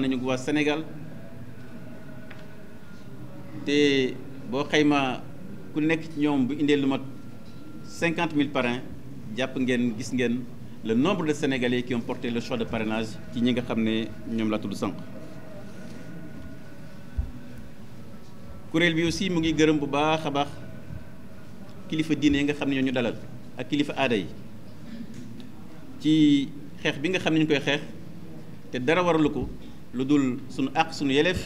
waxtaan nañu waa Sénégal te boo xayma ku nekk ci ñoom bu indee lu mat cinquante mille parrains jàpp ngeen gis ngeen le nombre de Sénégalais qui ont porté le choix de parrainage ci ñi nga xam ne ñoom laa tudd sànq. kuréel bi aussi mu ngi gërëm bu baax a baax kilifa diine yi nga xam ne ñoo ñu dalal ak kilifa aada yi ci xeex bi nga xam ne ñu koy xeex te dara waralu ko. lu dul sunu àq sunu yelef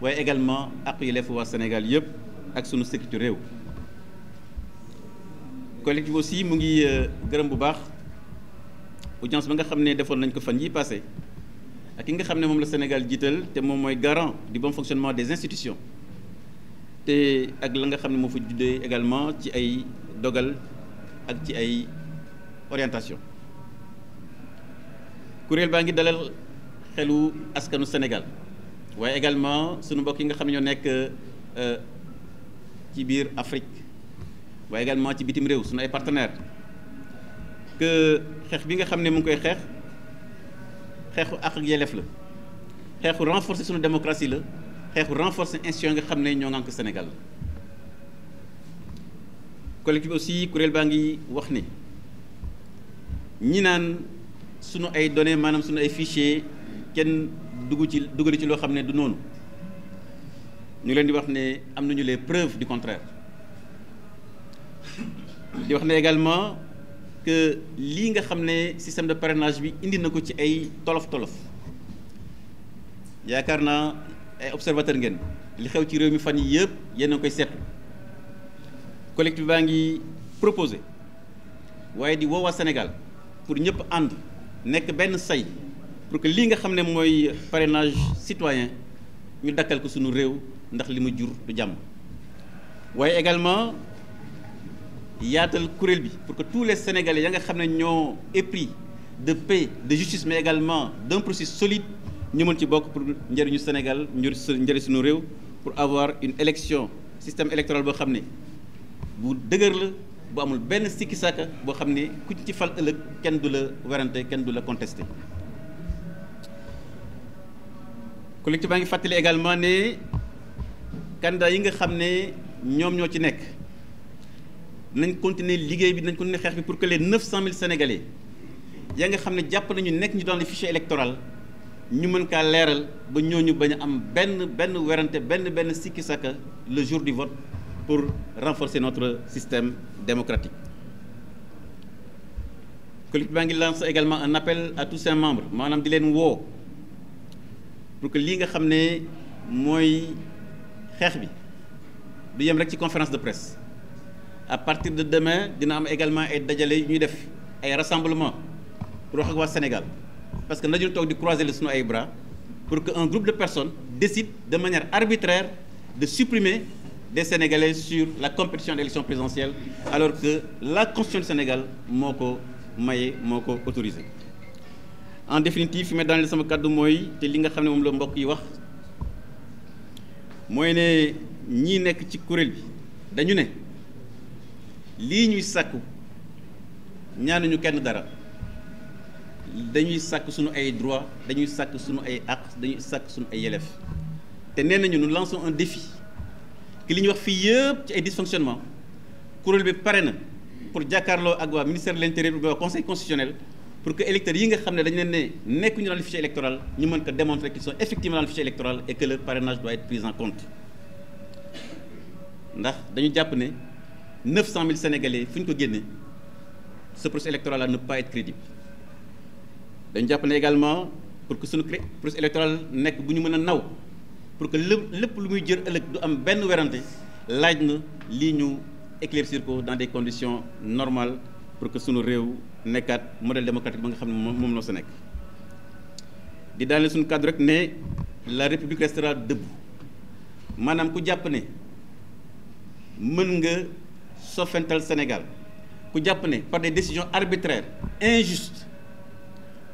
waaye également àq yelef waa Sénégal yëpp ak sunu sécurité réew collectif aussi mu ngi euh, gërëm bu baax audience ba nga xam ne defoon nañ ko fan yi passé ak ki nga xam ne moom la Sénégal jiital te moom mooy garant du bon fonctionnement des institutions te ak la nga xam ne moo fa juddee également ci ay dogal ak ci ay orientation kuréel baa ngi dalal xelu askanu Sénégal waaye également sunu mbokk yi nga xam ne ñoo nekk euh, ci biir Afrique waaye également ci bitim réew sunu ay partenaires que xeex bi nga xam ne mu ngi koy xeex xeexu àq ak yelleef la xeexu renforcer sunu démocratie la xeexu renforcer institution nga xam ne ñoo ngànk Sénégal la aussi kuréel baa ngi wax ni ñi naan sunu ay données maanaam sunu ay fichiers. kenn dugg ci dugali ci loo xam ne du noonu ñu leen di wax ne am nañu les preuves du contraire di wax ne également que lii nga xam ne système de parrainage bi indi na ko ci ay tolof-tolof yaakaar na ay observateur ngeen li xew ci réew mi fan yi yëpp yéen a koy seetlu collectif baa ngi proposé waaye di woowaa Sénégal pour ñëpp ànd nekk benn say pour que lii nga xam ne mooy parrainage citoyen ñu dakkal ko suñu réew ndax li mu jur du jàmm waaye également yaatal kuréel bi pour que tous les sénégalais ya nga xam ne ñoo épris de paix de justice mais également d'un processus solide ñu mën ci bokk pour njëriñu Sénégal njëriñ suñu réew pour avoir une élection système électoral boo xam ne bu dëgër la bu amul benn sikki sàkka boo xam ne ku ci fal ëllëg kenn du la werante kenn du la contesté collectif baa ngi fàttali également ne candidat yi nga xam ne ñoom ñoo ci nekk nañ continuer liggéey bi nañ continuer xeex bi pour que les 900000 sénégalais yaa nga xam ne jàpp nañu nekk ñu doon le fichier électoral ñu mën kaa leeral ba ñooñu bañ a am benn benn werante benn benn sikki sàkka le jour du vote pour renforcer notre système démocratique. collectif baa ngi lance également un appel à tous ses membres maanaam di leen woo. pour que lii nga xam ne mooy xeex bi du yem rek ci conférence de presse à partir de demain dina am également ay dajale yu ñuy def ay rassemblement pour wax waa Sénégal parce que na nañu toog di croiser le sunu ay bras pour que un groupe de personnes décide de manière arbitraire de supprimer de Sénégalais sur la compétition de l'élection présidentielle alors que la constitution du Sénégal moo ko maye moo ko autorisé en définitive fi may daaneel sama kàddu mooy te li nga xam ne moom la mbokk yi wax mooy ne ñii nekk ci kuréel bi dañu ne lii ñuy sàkku ñaanuñu kenn dara dañuy sàkk suñu ay droit dañuy sàkk suñu ay àq dañuy sàkk suñu ay yelef te nee nañu nu lance un défi que li ñu wax fii yëpp ci ay dysfonctionnement kuréel bi pare na pour jàkkaarloo ak waa ministère de l'intérieur ba conseil constitutionnel pour que électeurs yi nga xam ne dañu leen ne nekkuñu dans le fichier électoral ñu mën ko démontrer qu'ils sont effectivement dans le fichier électoral et que leur parrainage doit être pris en compte ndax dañu jàpp ne 900 000 sénégalais fu ñu ko génnee ce processus électoral là ne peut pas être crédible dañu jàpp ne également pour que suñu processus électoral nekk bu ñu mën a naw pour que lépp lépp lu muy jër ëllëg du am benn werante laaj na lii ñu éclaircir ko dans des conditions normales pour que sunu réew nekkaat modèle démocratique ba nga xam ne moom noo sa nekk di daane suñu cadre rek ne la république restera debout maanaam ku jàpp ne mën nga sofental Sénégal ku jàpp ne par des décisions arbitraires injustes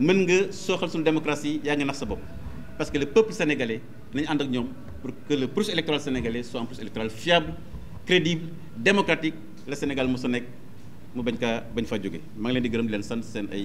mën nga soo sooxal suñu démocratie yaa ngi nax sa bopp parce que le peuple sénégalais nañu ànd ak ñoom pour que le processus électoral sénégalais soit un processus électoral fiable crédible démocratique le Sénégal moo sa nekk mu bañ kaa bañ fa jóge maa ngi leen di gërëm leen sant seen ay